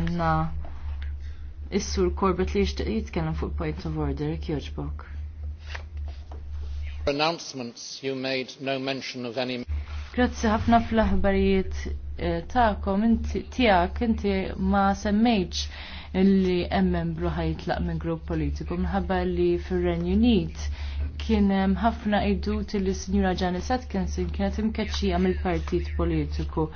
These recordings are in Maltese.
għanna Is-sur Corbett li jishtiq jitkellem fuq point of order kjoġbok. Pronouncements you made no mention of any Grazzi ħafna fl-aħbarijiet eh, tagħkom tiegħek inti ma semmejtx li hemm membru ħajtlaq minn grupp politiku minħabba li fir-Renju Unit kien hemm ħafna iddu li Sinjura Janis Atkinson kienet imkeċċija mill-partit politiku.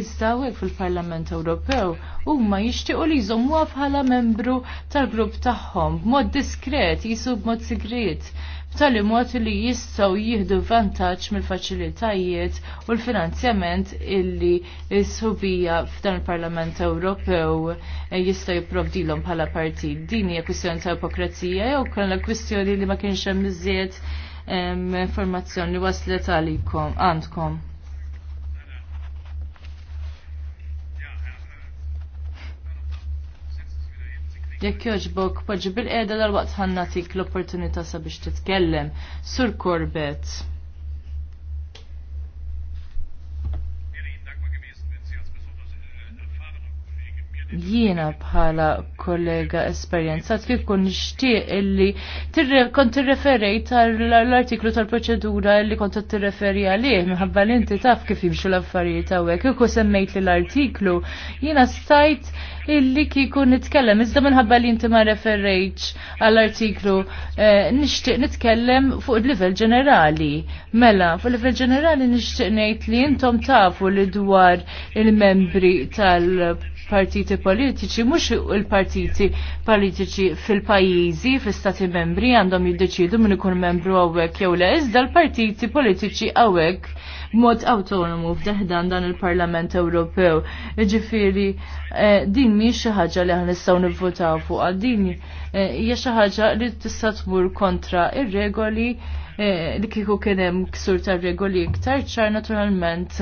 Iżda hekk fil-Parlament Ewropew huma jixtiequ li jżommuha bħala membru tal-grupp tagħhom b'mod diskret, jisub b'mod segret f'tali mod li jistgħu jieħdu vantaġġ mill-faċilitajiet u l-finanzjament illi s-subija f'dan il-Parlament Ewropew eh, jista' jipprovdilhom bħala partit. Din hija kwistjoni ta' ipokrazija jew kellna kwistjoni li ma kienx hemm iżjed informazzjoni waslet għalikom għandkom. Jekk joġbok, poġi bil-qeda dal-waqt tik l-opportunità sabiex titkellem. Sur Corbett. jiena bħala kollega esperjenzat kif kun nixtieq illi kont tirreferejt tal-artiklu tal-proċedura illi kont tirreferi għalih minħabba li inti taf kif jimxu l-affarijiet hawnhekk kieku semmejt li l-artiklu jiena stajt illi kieku nitkellem iżda minħabba li inti ma referejtx għall-artiklu eh, nixtieq nitkellem fuq il-livell ġenerali. Mela, fuq il-livell ġenerali nixtieq ngħid li intom tafu li dwar il-membri tal- partiti politiċi, mhux il-partiti politiċi fil-pajjiżi, fil stati membri għandhom jiddeċidu min ikun membru hawnhekk jew le, iżda l-partiti politiċi hawnhekk mod autonomu f'deħdan dan il-Parlament Ewropew. Ġifieri eh, din mi xi ħaġa li nistgħu nivvotaw fuqha, din eh, hija xi ħaġa li tista' tmur kontra ir-regoli Eh, li kiku kien hemm ksur tar-regoli iktar ċar naturalment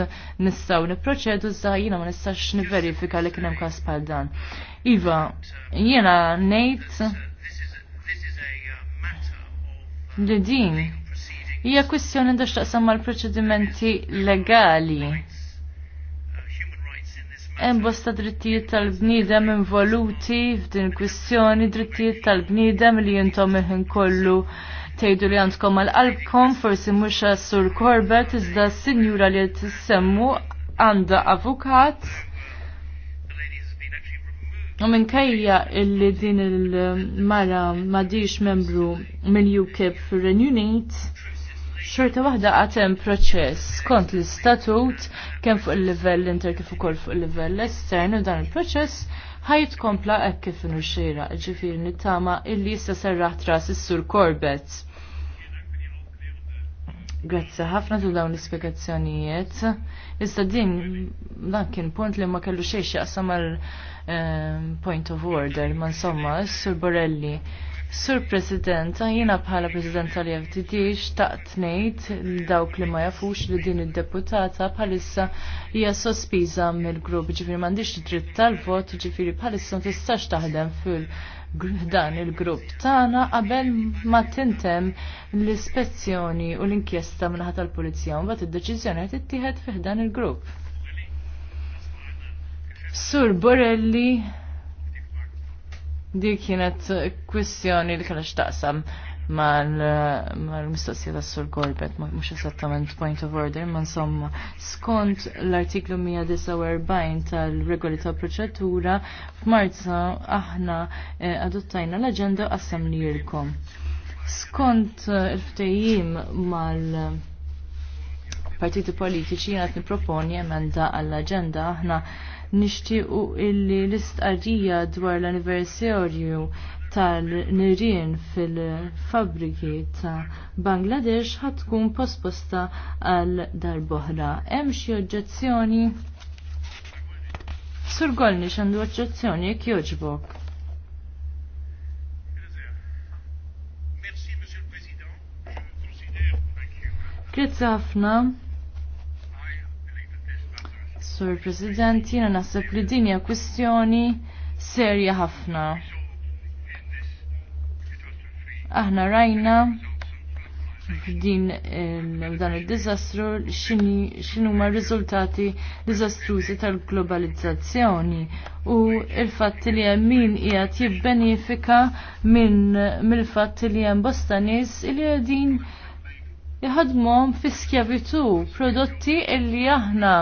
nistgħu nipproċedu za jiena ma nistax nivverifika li kien hemm każ dan. Iva, jiena ngħid li din hija kwistjoni da x'taqsam mal-proċedimenti legali. Hemm bosta drittijiet tal-bniedem involuti f'din kwistjoni, drittijiet tal-bniedem li jintom il kollu tgħidu li għandkom għal-qalbkom forsi mhux sur Corbett iżda s-sinjura li tissemmu għandha avukat. U minkejja illi din il-mara madix membru mill-UKIP fir-Renew Unit, xorta waħda għatem proċess kont l-istatut kemm fuq il-livell inter kif ukoll fuq il-livell estern u dan il-proċess ħajt kompla hekk kif inhu xejra, ġifieri nittama illi issa serraħ tras is-Sur Corbett. Grazzi ħafna tu dawn l-ispiegazzjonijiet. Iżda din dan kien punt li ma kellu xejn jaqsam mal eh, point of order, ma insomma, Sur Borelli Sur President, jiena bħala President tal-FTD xtaqt ngħid dawk li ma jafux li din id-deputata bħalissa hija sospiża mill-grupp, ġifieri m'għandix dritt tal-vot, ġifiri bħalissa ma tistax taħdem fil- dan il-grupp tagħna qabel ma tintem l-ispezzjoni u l-inkjesta minnaħat tal-pulizija u mbagħad id-deċiżjoni qed ittieħed fih dan il-grupp. Sur Borelli Dik kienet kwistjoni li kena x'taqsam mal-mistoqsija tas Sur Golbet, mhux esattament point of order, ma insomma, skont l-artiklu 149 tal-regoli tal proċedura, f'Marza aħna eh, adottajna l-aġenda għassam li Skont eh, il-ftejjim mal- partiti politiċi għat niproponi emenda għall-agenda aħna nishtiqu illi l-istqarrija dwar l-anniversarju tal-nirien fil-fabriki ta' Bangladesh ħatkun posposta għal darboħra. Hemm xi oġġezzjoni? Sur Golni x'għandu oġġezzjoni jekk joġbok. Grazzi ħafna. Sur President, jiena naħseb li din hija kwistjoni serja ħafna. Aħna rajna f'din dan id-diżastru xinu ma riżultati diżastrużi tal-globalizzazzjoni u il-fatt li hemm min qiegħed jibbenefika minn mill-fatt li hemm bosta nies li qegħdin jħadmhom fi skjavitu prodotti illi aħna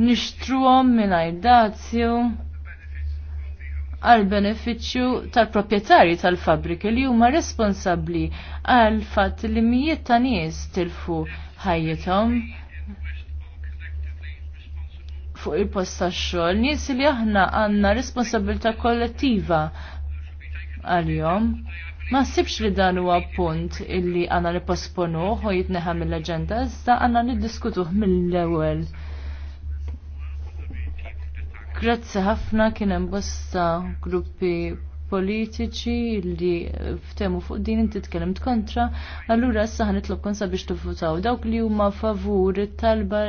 nixtruhom mingħajr dazju għal beneficju tal-proprjetarji tal-fabriki li huma responsabbli għal fatt li mijiet ta' nies tilfu ħajjithom fuq il-post tax-xogħol, nies li aħna għandna responsabilità kollettiva għalihom. Ma sibx li dan huwa punt illi għandna nipposponuh u jitneħa mill-aġenda, iżda għandna niddiskutuh mill-ewwel Grazzi ħafna kien hemm bosta gruppi politiċi li ftemu fuq din inti tkellimt kontra, allura issa ħanitlobkom sabiex tifutaw dawk li huma favur it-talba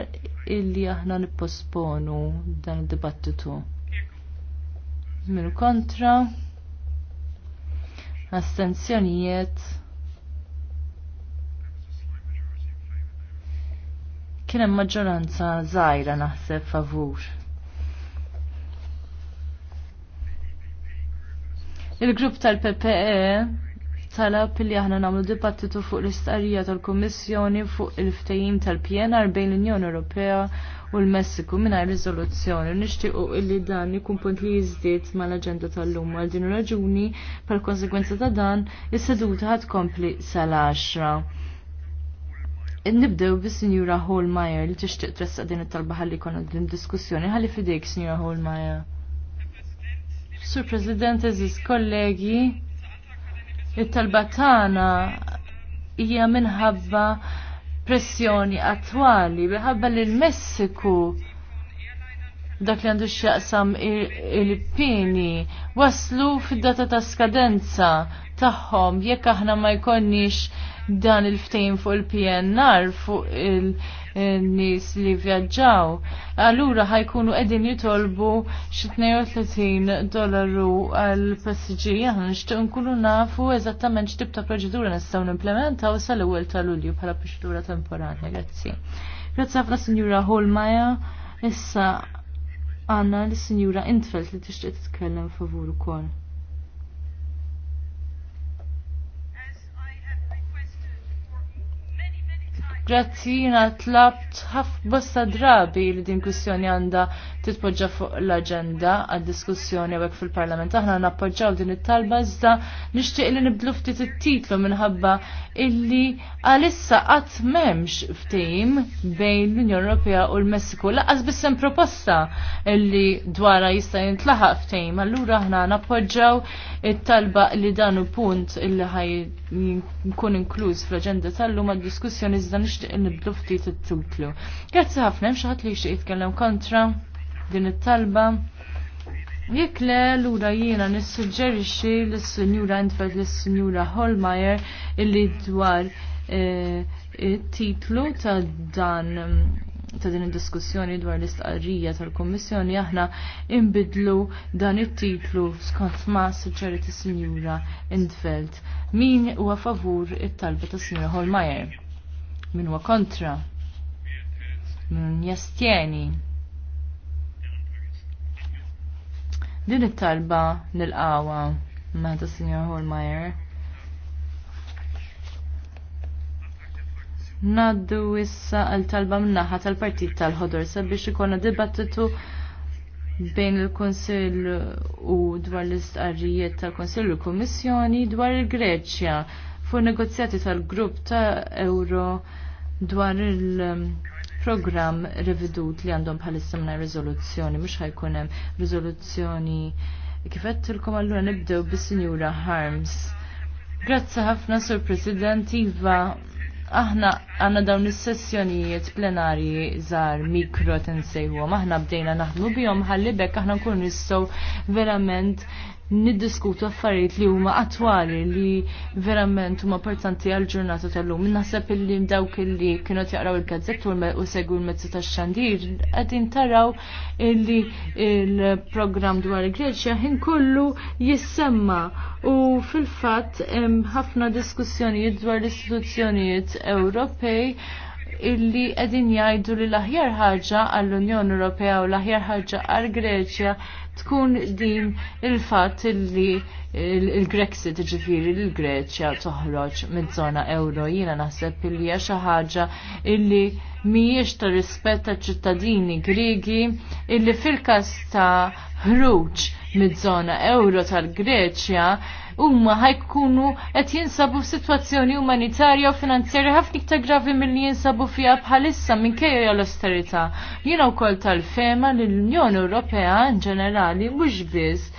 illi aħna nipposponu dan id-dibattitu. Minu kontra, astenzjonijiet. Kien hemm maġġoranza żgħira naħseb favur. Il-grupp tal-PPE talab li aħna nagħmlu dibattitu fuq l-istqarrija tal-Kummissjoni fuq il-ftehim tal-PNR bejn l-Unjoni Ewropea u l-Messiku mingħajr riżoluzzjoni. Nixtiequ illi dan ikun punt li jiżdied mal-aġenda tal-lum għal din raġuni pal konsegwenza ta' dan is-seduta ħad kompli sal-10. Nibdew bis Sinjura Holmeyer li tixtieq tressa din it-talba ħalli konna din diskussjoni ħalli fidejk Sinjura Holmeyer. Sur President, eżis kollegi, it-talbatana hija minħabba pressjoni attwali, minħabba li l-Messiku dak li għandu xjaqsam il-pini waslu fid-data ta' skadenza tagħhom jekk aħna ma jkonniex dan il-ftejn fuq il-PNR fuq il-nies li vjaġġaw, allura ħajkunu qegħdin jitolbu xi 32 dollaru għal passiġġier aħna nixtieq nkunu nafu eżattament x'tib ta' proċedura nistgħu nimplementaw sal-ewwel ta' Lulju bħala proċedura temporanja. Grazzi. Grazzi ħafna Sinjura Holmaja. Issa għanna l-Sinjura Intfeld li tixtieq titkellem favur ukoll. Grazzi jina tlabt ħaf bosta drabi li din kwistjoni għanda titpoġġa fuq l-agenda għad-diskussjoni għek fil-parlament. Aħna nappoġġaw din it-talba zda nixtieq li nibdlu ftit it-titlu minħabba illi għalissa qatt m'hemmx ftim bejn l-Unjoni Ewropea u l-Messiku. Laqas bissem proposta illi dwara jista' jintlaħaq ftim. Allura aħna nappoġġaw it-talba li dan punt illi ħaj nkun inkluż fl-aġenda tal-lum għad-diskussjoni nishtiq nixtieq nibdlu ftit it-titlu. Grazzi ħafna hemm xi ħadd li jixtieq jitkellem kontra din it-talba. Jekk le lura jiena nissuġġerixxi lis-Sinjura Entfeld lis-Sinjura Holmeyer illi dwar eh, it-titlu ta' dan ta' din id-diskussjoni dwar l-istqarrija tal-Kommissjoni aħna imbidlu dan it-titlu skont ma' suġġeri Sinjura Indfeld. Min huwa favur it-talba ta' Sinjura Holmeyer? Min huwa kontra? Min jastjeni? Din it-talba nil-qawa maħta Sinjor Holmeyer. Naddu issa għal-talba minnaħa tal-partit tal-ħodor sabiex ikonna dibattitu bejn il konsil u dwar l-istqarrijiet tal konsil u l-Kummissjoni dwar il-Greċja fu negozjati tal-grupp ta' euro dwar il um, program revedut li għandhom bħalissa minna rezoluzzjoni, mux ħajkunem hemm rizoluzzjoni kifet tilkom allura nibdew bis-Sinjura Harms. Grazzi ħafna Sur President Iva aħna għanna dawn is-sessjonijiet plenarji żar mikro tensejhom aħna bdejna naħdmu bihom ħallibek aħna nkun nistgħu verament niddiskutu affarijiet li huma attwali li verament huma importanti għal ġurnata tal-lum. Naħseb illi dawk illi kienu jaqraw il-gazzett u segwu l-mezzu tax-xandir qegħdin taraw illi il-programm dwar il-Greċja ħin kollu jissemma u fil-fatt hemm ħafna diskussjonijiet dwar l-istituzzjonijiet Ewropej illi qegħdin jgħidu li l-aħjar ħaġa għall-Unjoni Ewropea u l-aħjar ħaġa għall-Greċja tkun din il-fat li il-Grexit ġifiri il-Greċja toħroġ mid-zona euro jina naħseb li hija xi ħaġa illi mhijiex ta' rispett ċittadini Griegi illi fil-każ ta' ħruġ mid-żona euro tal-Greċja huma ħajkunu qed jinsabu f'sitwazzjoni umanitarja u finanzjarja ħafna iktar gravi milli jinsabu fiha bħalissa kejja l-austerità. Jiena wkoll tal-fema li l-Unjoni Ewropea in ġenerali mhux biss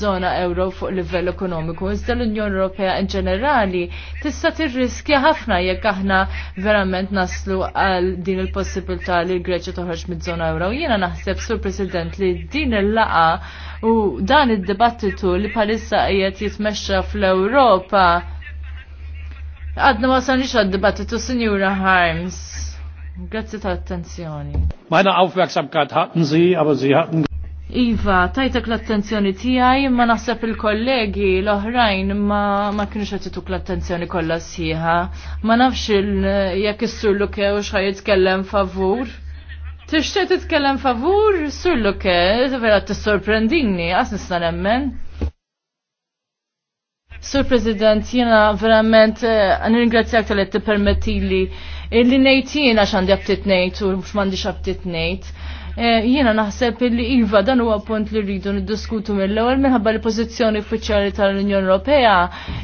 żona eh, euro fuq livell ekonomiku. Iżda l-Unjoni Ewropea in ġenerali tista' tirriskja ħafna jekk aħna verament naslu għal din il-possibilità li l-Greċja toħroġ mid zona euro. Jiena naħseb sur President li din il-laqa u dan id-dibattitu li palissa qiegħed jitmexxa fl-Ewropa Għadna ma sanix għad-dibattitu, Signora Harms. Grazie tal attenzjoni. Meine Aufmerksamkeit hatten Sie, aber Sie hatten Iva, tajtek l-attenzjoni tijaj, ma naħseb il-kollegi l-oħrajn ma, ma kienu għatituk l-attenzjoni kolla siħa. Ma nafx jekk is-surlu ke u xħaj jitkellem favur. Tixtieq titkellem favur, surlu ke, vera t-sorprendini, għas nista nemmen. Sur President, jena verament eh, nirringrazzjak tal-et t il li nejtina xandi għabtit nejt u x'mandi xabtit nejt. Eh, jiena naħseb li iva dan huwa punt li rridu niddiskutu mill-ewwel minħabba l-pożizzjoni uffiċjali tal-Unjoni Ewropea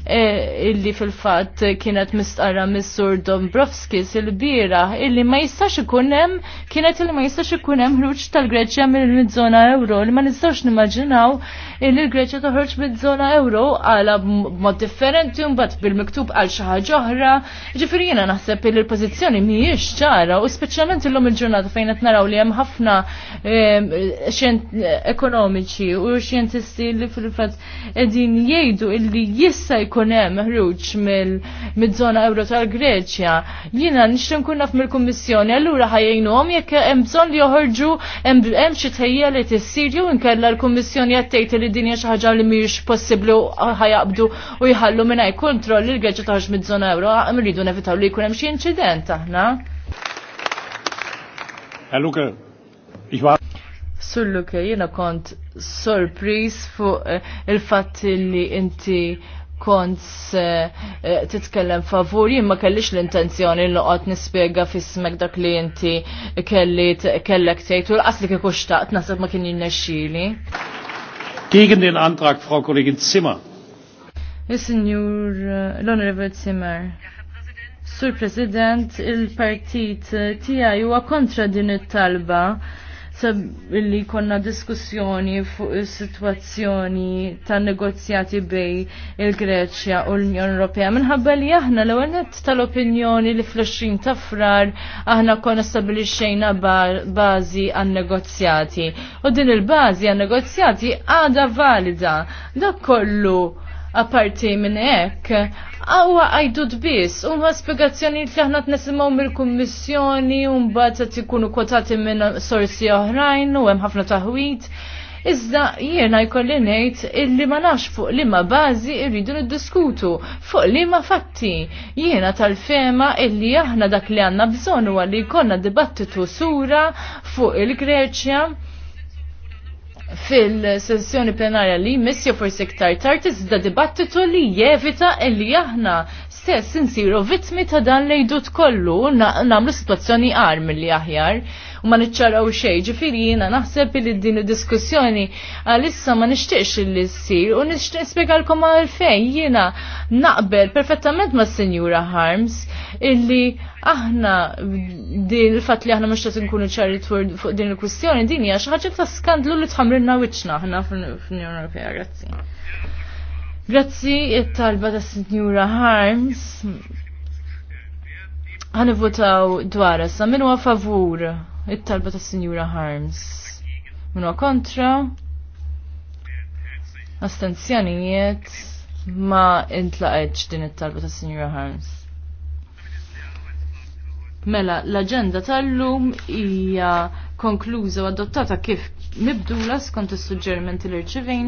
eh, illi fil-fatt kienet mistqarra mis-Sur Dombrovskis il-bira illi ma jistax ikun hemm kienet illi ma jistax ikun hemm ħruġ tal-Greċja mill-żona euro li ma nistax nimmaġinaw il l-Greċja toħroġ mid-żona euro għala mod differenti mbagħad bil-miktub għal xi ħaġa oħra. Ġifieri jiena naħseb li l-pożizzjoni mhijiex ċara u speċjalment illum il-ġurnata fejn qed naraw li hemm ħafna ekonomiċi u xjentisti li fil-fatt qegħdin jgħidu illi jista' jkun hemm ħruġ mill-żona euro tal-Greċja. Jiena nixtieq nkun naf mill-Kummissjoni allura ħajjejnuhom jekk hemm bżonn li joħorġu hemm xi tħejjel li tissirju nkella inkella l-Kummissjoni qed li li dinja xi ħaġa li mhijiex possibbli ħajaqbdu u jħallu mingħajr kontroll li l-geġġa taħx mid-żona euro rridu nevitaw li jkun hemm xi inċident aħna. Eh, Luke, Sur Luke, jiena kont sorpriż fuq eh, il-fatt li inti kont eh, titkellem favur, jien ma kellix l-intenzjoni li qod nispjega fismek dak li inti kelli kellek tgħid u l-qas li kieku xtaqt naħseb ma kien jinnexxieli. Gegen den Antrag, Frau Kollegin Zimmer. Signor, eh, l'Honorable Zimmer. Sur President, il-partit eh, tijaj huwa kontra din it-talba illi konna diskussjoni fuq is-sitwazzjoni tan negozjati bej il-Greċja u l-Unjoni Ewropea. Minħabba li aħna l ewwel tal-opinjoni li fl-20 ta' frar aħna konna stabilixxejna bażi għan negozjati. U din il-bażi għan negozjati għada valida. Dak kollu Aparti minn hekk, għawa għajdu biss, u ma spiegazzjoni li aħna t-nesimaw mill-kummissjoni, un bat t kotati kwotati minn sorsi oħrajn, u hemm ħafna taħwit. Iżda jiena jkolli ngħid illi ma nafx fuq liema bażi rridu niddiskutu, fuq liema fatti. Jiena tal-fema illi aħna dak li għandna bżonn huwa li jkollna dibattitu sura fuq il-Greċja fil-sessjoni plenarja li missi forsi ktar tard iżda dibattitu li jevita illi aħna stess insiru vittmi ta' dan jdut kollu namlu situazzjoni għar li aħjar u ma nitċaraw xej ġifiri jina naħseb li din diskussjoni għalissa ma nishtiqx li s-sir u nishtiq spiegalkom għalfej jina naqbel perfettament ma s-senjura Harms illi aħna din il-fat li aħna mux nkunu ċarri fuq din il-kwistjoni din hija xi ħaġa ta' skandlu li tħamrilna wiċċna aħna fl-Unjoni Ewropea. Grazzi. Grazzi it-talba ta' Sinjura Harms. votaw dwar sa minn huwa favur it-talba ta' Sinjura Harms. Minn huwa kontra. Astenzjonijiet ma intlaqetx din it-talba ta' Sinjura Harms. Mela, l-agenda tal-lum hija konkluża u adottata kif mibdula skont is-suġġerimenti li rċivejna